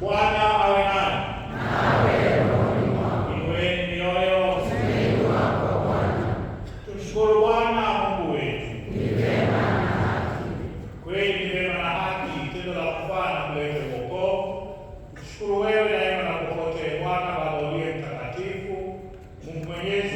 Bwana awe naye. Inueni mioyo, tumshukuru Bwana Mungu wetu. Kweli ni vema na haki, tendo la kufaa na kuleta wokovu. Mshukuru wewe daima na popote, Bwana Baba uliye mtakatifu, Mungu mwenyezi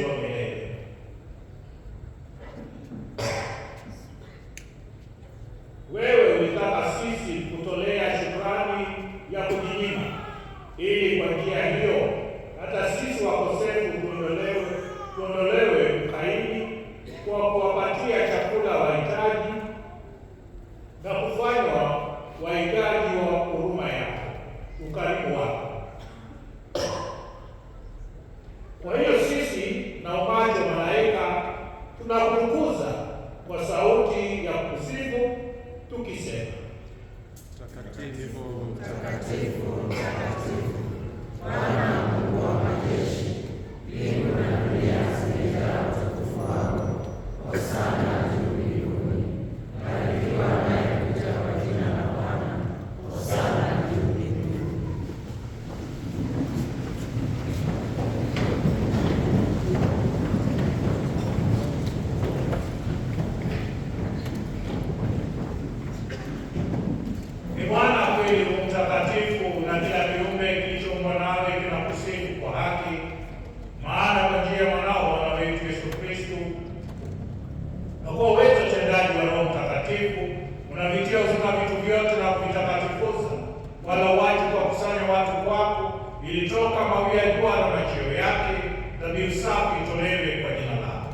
kama ya jua na machweo yake, dhabihu safi itolewe kwa jina lako.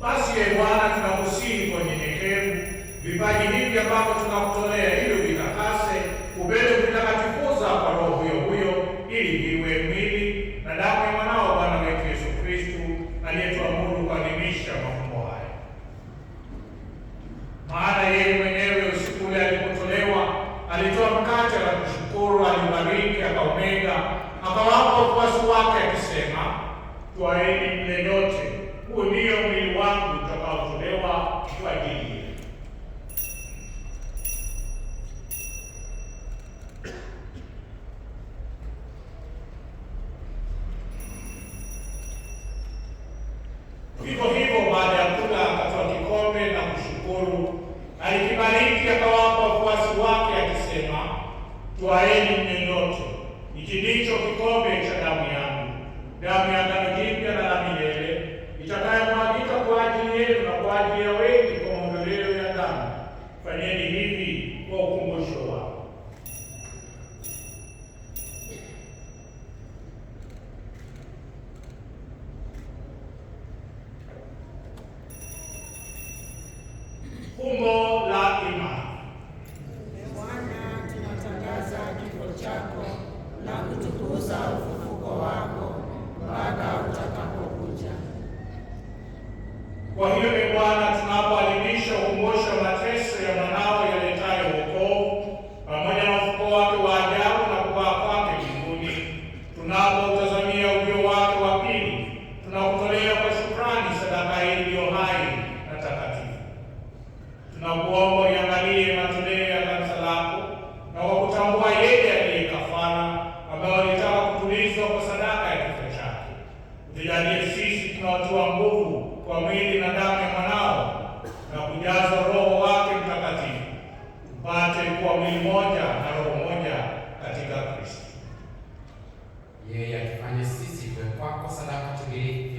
Basi ee Bwana, tunakusihi kwa unyenyekevu vipaji hivi ambavyo tunakutolea ili uvitakase huu ndio mwili wangu utakaotolewa kwa ajili Vivyo hivyo, baada ya kula akatoa kikombe na kushukuru, alikibariki, akawapa wafuasi wake akisema, twaeni mnywe hiki ndicho kikombe cha damu yangu, damu ya agano jipya na la milele itakayomwagika kwa ajili yenu na kwa ajili ya wengi kwa maondoleo ya dhambi. Fanyeni hivi Well, here, kwako sadaka timilifu.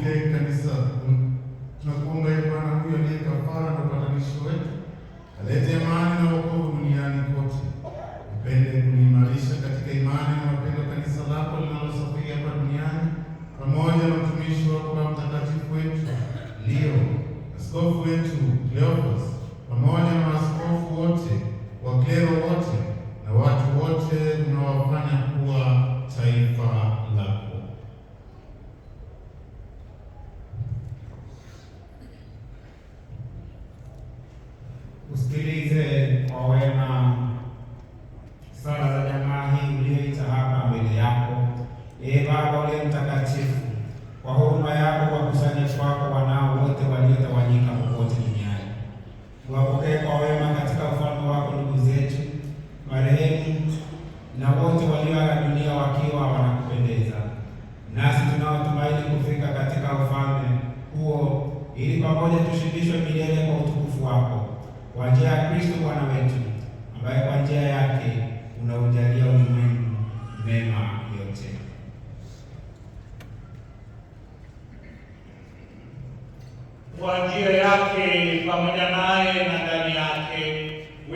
bunge, kanisa, tunakuomba e Bwana, huyu aliye kafara na upatanisho wetu alete imani na wokovu duniani kote, upende kuimarisha katika imani na upendo kanisa lako linalosafiri hapa duniani pamoja na mtumishi wako na mtakatifu wetu Leo askofu wetu Cleophas pamoja na wakusanyiko wako wanao wote waliotawanyika popote duniani. Tuwapokee kwa wema katika ufalme wako ndugu zetu marehemu na wote walioaga dunia wakiwa wanakupendeza, nasi tunaotumaini kufika katika ufalme huo, ili pamoja tushibishwe milele kwa utukufu wako, kwa njia ya Kristo Bwana wetu, ambaye kwa njia yake unaujalia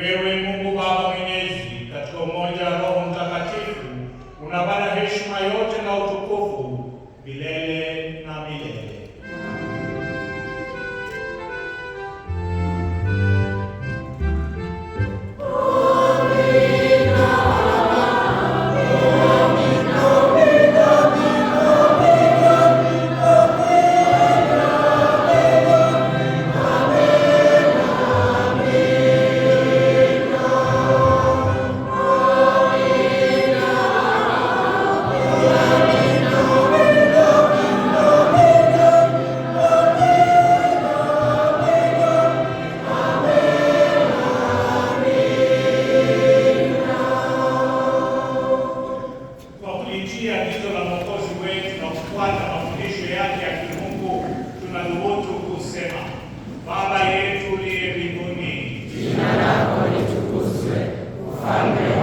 Where we Amen.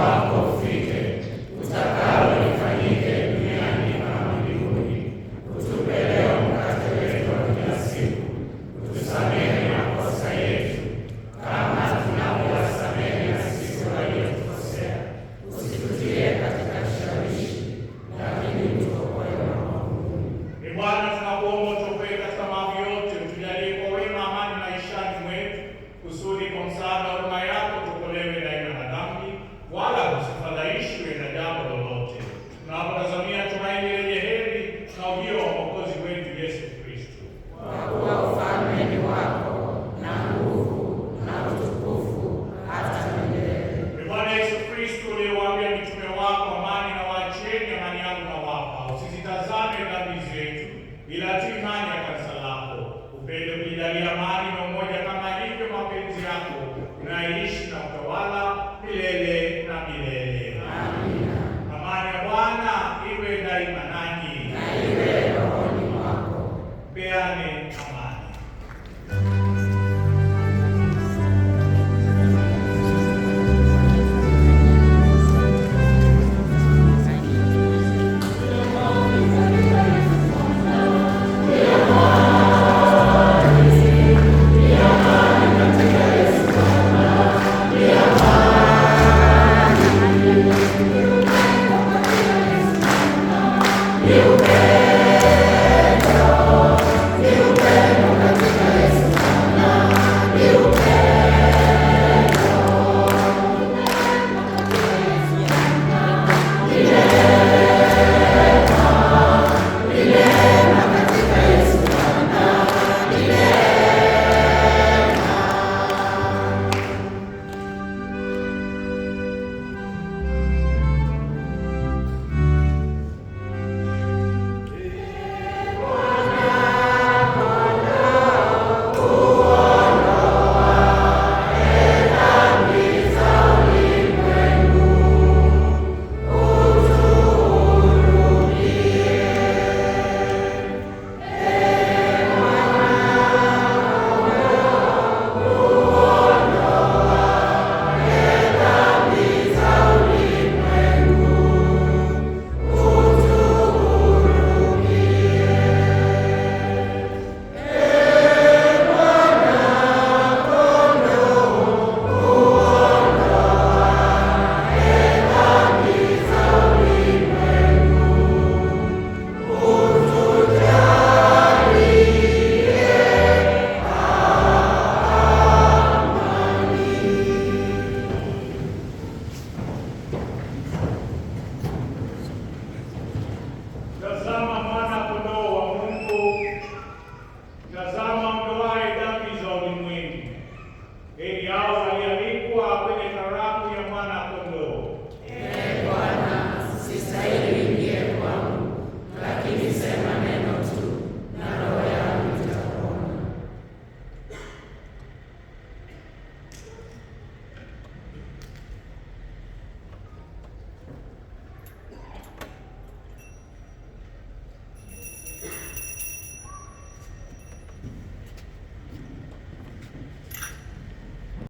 Gracias.